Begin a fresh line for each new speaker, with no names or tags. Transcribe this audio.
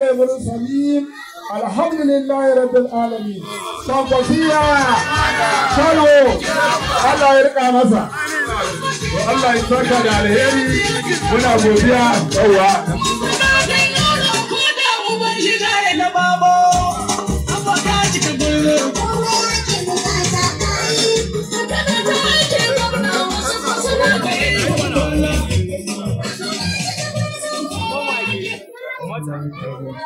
Ibrahim Salim, Alhamdulillah, Rabbil Alamin. Sambasiya, Salo, Allah ya rika masa. Allah ya saka
da alheri, muna godiya, yawa.
Thank you.
water